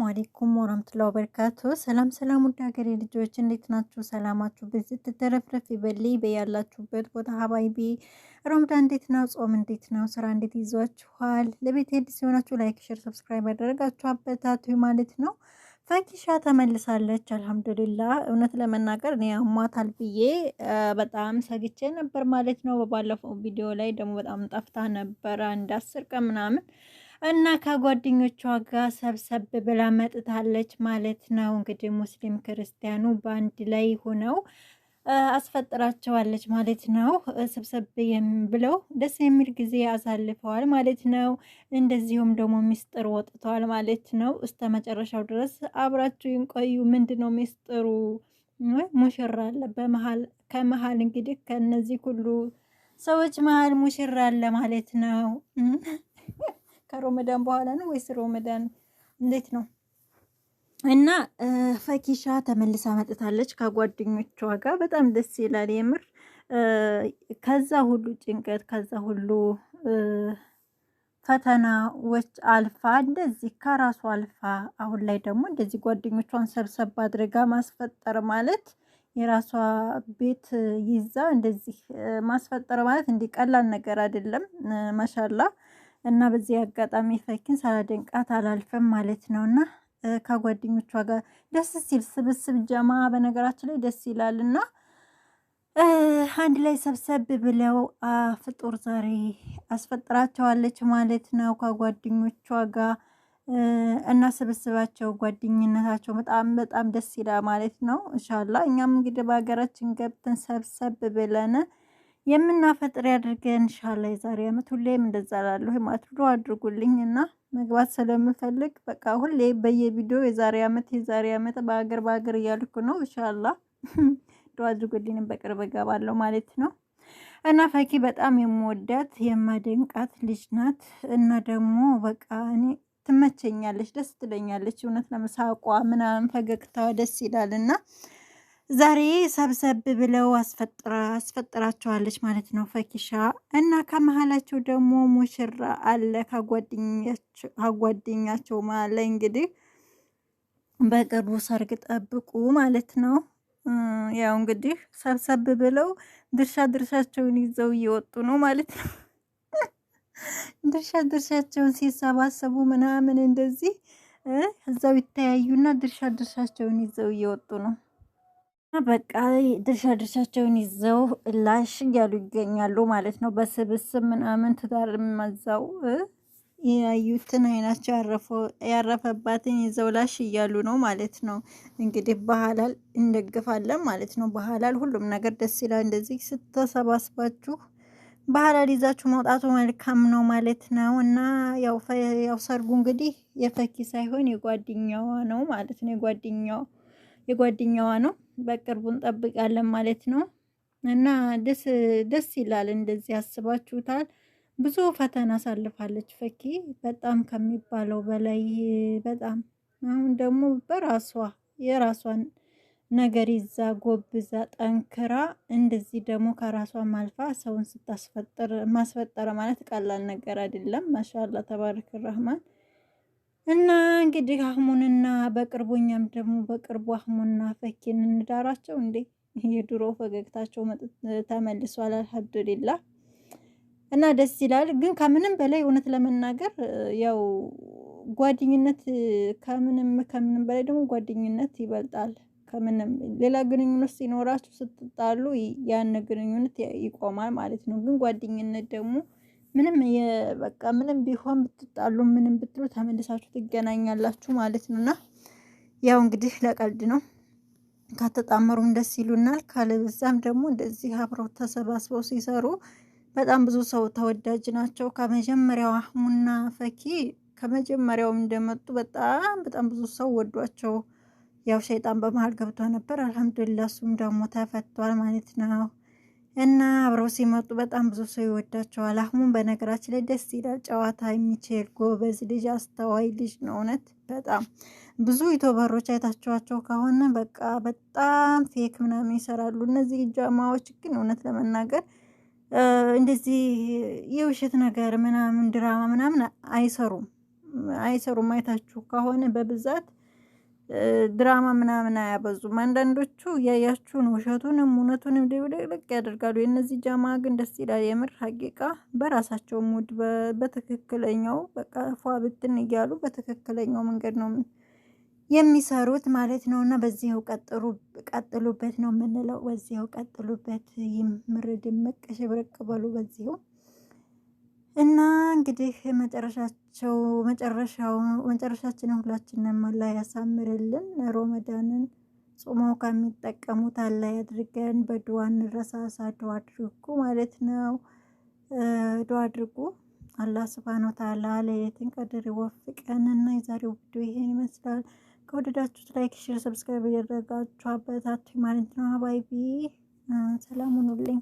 አሰላሙ አሌይኩም ወረህመቱላሂ ወበረካቱ። ሰላም ሰላም፣ ውድ ሀገሬ ልጆች እንዴት ናችሁ? ሰላማችሁ ብዝት ተረፍረፍ ይበልይ በያላችሁበት ቦታ ሀባይቢ። ረምዳን እንዴት ነው? ጾም እንዴት ነው? ስራ እንዴት ይዟችኋል? ለቤት ሄድ ሲሆናችሁ ላይክ፣ ሼር፣ ሰብስክራይብ ያደረጋችሁ አበታቱ ማለት ነው። ፈኪሻ ተመልሳለች። አልሐምዱሊላ እውነት ለመናገር እኔ አሟታል ብዬ በጣም ሰግቼ ነበር ማለት ነው። በባለፈው ቪዲዮ ላይ ደግሞ በጣም ጠፍታ ነበረ እንዳስር ቀን ምናምን እና ከጓደኞቿ ጋር ሰብሰብ ብላ መጥታለች ማለት ነው። እንግዲህ ሙስሊም ክርስቲያኑ በአንድ ላይ ሆነው አስፈጥራቸዋለች ማለት ነው። ሰብሰብ ብለው ደስ የሚል ጊዜ አሳልፈዋል ማለት ነው። እንደዚሁም ደግሞ ሚስጥር ወጥተዋል ማለት ነው። እስከ መጨረሻው ድረስ አብራችሁ ቆዩ። ምንድን ነው ሚስጥሩ? ሙሽራ አለ በመሀል ከመሀል እንግዲህ ከነዚህ ሁሉ ሰዎች መሀል ሙሽራ አለ ማለት ነው። ከሮመዳን በኋላ ነው ወይስ ሮመዳን እንዴት ነው? እና ፈኪሻ ተመልሳ መጥታለች ከጓደኞቿ ጋር። በጣም ደስ ይላል የምር ከዛ ሁሉ ጭንቀት ከዛ ሁሉ ፈተናዎች አልፋ እንደዚህ ከራሱ አልፋ አሁን ላይ ደግሞ እንደዚህ ጓደኞቿን ሰብሰብ አድርጋ ማስፈጠር ማለት የራሷ ቤት ይዛ እንደዚህ ማስፈጠር ማለት እንዲህ ቀላል ነገር አይደለም። ማሻላ እና በዚህ አጋጣሚ ፈኪን ሳላደንቃት አላልፍም ማለት ነው እና ከጓደኞቿ ጋር ደስ ሲል ስብስብ ጀማ በነገራችን ላይ ደስ ይላል እና አንድ ላይ ሰብሰብ ብለው ፍጡር ዛሬ አስፈጥራቸዋለች ማለት ነው ከጓደኞቿ ጋር እና ስብስባቸው ጓደኝነታቸው በጣም በጣም ደስ ይላል ማለት ነው። እንሻላ እኛም እንግዲህ በሀገራችን ገብተን ሰብሰብ ብለን የምናፈጥር ያድርገን እንሻላ። የዛሬ አመት ሁሌም እንደዛ እላለሁ ማለት አድርጉልኝ እና መግባት ስለምፈልግ በቃ ሁሌ በየቪዲዮ የዛሬ አመት የዛሬ አመት በሀገር በሀገር እያልኩ ነው። እንሻላ ዶ አድርጉልኝም በቅርብ እገባለሁ ማለት ነው። እና ፈኪ በጣም የምወዳት የማደንቃት ልጅ ናት። እና ደግሞ በቃ እኔ ትመቸኛለች፣ ደስ ትለኛለች። እውነት ለመሳቋ ምናምን ፈገግታ ደስ ይላል እና ዛሬ ሰብሰብ ብለው አስፈጥራቸዋለች ማለት ነው ፈኪሻ እና ከመሀላቸው ደግሞ ሙሽራ አለ ከጓደኛቸው ማለ ላይ እንግዲህ በቅርቡ ሰርግ ጠብቁ ማለት ነው። ያው እንግዲህ ሰብሰብ ብለው ድርሻ ድርሻቸውን ይዘው እየወጡ ነው ማለት ነው። ድርሻ ድርሻቸውን ሲሰባሰቡ ምናምን እንደዚህ እዛው ይተያዩና ድርሻ ድርሻቸውን ይዘው እየወጡ ነው። በቃ ድርሻ ድርሻቸውን ይዘው ላሽ እያሉ ይገኛሉ ማለት ነው። በስብስብ ምናምን ትዳር መዛው ያዩትን አይናቸው ያረፈባትን ይዘው ላሽ እያሉ ነው ማለት ነው። እንግዲህ በሀላል እንደግፋለን ማለት ነው። በሀላል ሁሉም ነገር ደስ ይላል። እንደዚህ ስተሰባስባችሁ ባህላል ይዛችሁ መውጣቱ መልካም ነው ማለት ነው። እና ያው ሰርጉ እንግዲህ የፈኪ ሳይሆን የጓደኛዋ ነው ማለት ነው። የጓደኛዋ ነው በቅርቡ እንጠብቃለን ማለት ነው። እና ደስ ደስ ይላል። እንደዚህ አስባችሁታል። ብዙ ፈተና አሳልፋለች ፈኪ በጣም ከሚባለው በላይ በጣም አሁን ደግሞ በራሷ የራሷን ነገር ይዛ ጎብዛ ጠንክራ እንደዚህ ደግሞ ከራሷ ማልፋ ሰውን ስታስፈጠር ማስፈጠረ ማለት ቀላል ነገር አይደለም። ማሻላ ተባረክ ረህማን እና እንግዲህ አህሙንና በቅርቡ እኛም ደግሞ በቅርቡ አህሙንና ፈኪን እንዳራቸው እንዴ የድሮ ፈገግታቸው ተመልሷል። አልሐምዱሊላ እና ደስ ይላል። ግን ከምንም በላይ እውነት ለመናገር ያው ጓደኝነት ከምንም ከምንም በላይ ደግሞ ጓደኝነት ይበልጣል። ከምንም ሌላ ግንኙነት ሲኖራችሁ ስትጣሉ ያን ግንኙነት ይቆማል ማለት ነው። ግን ጓደኝነት ደግሞ ምንም በቃ ምንም ቢሆን ብትጣሉ ምንም ብትሉ ተመልሳችሁ ትገናኛላችሁ ማለት ነውና ያው እንግዲህ ለቀልድ ነው። ከተጣመሩም ደስ ይሉናል፣ ካለበዛም ደግሞ እንደዚህ አብረው ተሰባስበው ሲሰሩ በጣም ብዙ ሰው ተወዳጅ ናቸው። ከመጀመሪያው አህሙና ፈኪ ከመጀመሪያውም እንደመጡ በጣም በጣም ብዙ ሰው ወዷቸው። ያው ሸይጣን በመሀል ገብቶ ነበር። አልሐምዱሊላ እሱም ደግሞ ተፈቷል ማለት ነው። እና አብረው ሲመጡ በጣም ብዙ ሰው ይወዳቸዋል። አህሙን በነገራችን ላይ ደስ ይላል፣ ጨዋታ የሚችል ጎበዝ ልጅ፣ አስተዋይ ልጅ ነው። እውነት በጣም ብዙ ኢትዮበሮች አይታችኋቸው ከሆነ በቃ በጣም ፌክ ምናምን ይሰራሉ። እነዚህ ጃማዎች ግን እውነት ለመናገር እንደዚህ የውሸት ነገር ምናምን ድራማ ምናምን አይሰሩም አይሰሩም። አይታችሁ ከሆነ በብዛት ድራማ ምናምን አያበዙም። አንዳንዶቹ እያያችሁን ውሸቱንም እውነቱንም ድብልቅልቅ ያደርጋሉ። የእነዚህ ጃማ ግን ደስ ይላል የምር ሀቂቃ በራሳቸው ሙድ በትክክለኛው በቃ ፏ ብትን እያሉ በትክክለኛው መንገድ ነው የሚሰሩት ማለት ነው። እና በዚህው ቀጥሉበት ነው የምንለው። በዚህው ቀጥሉበት፣ ይምር ድምቅ ሽብርቅ በሉ እና እንግዲህ መጨረሻቸው መጨረሻው መጨረሻችንን ሁላችንም ላይ ያሳምርልን። ሮመዳንን ጾመው ከሚጠቀሙት አላይ ያድርገን። በድዋ እንረሳሳ። ድዋ አድርጉ ማለት ነው። ድዋ አድርጉ። አላህ ስብሃነ ወተዓላ ለየትን ቀድር ይወፍቀን። እና የዛሬው ቪዲዮ ይሄን ይመስላል። ከወደዳችሁት ላይክ፣ ሼር፣ ሰብስክራይብ እያደረጋችሁ አበረታቱኝ ማለት ነው። አባይቢ ሰላም ሁኑልኝ።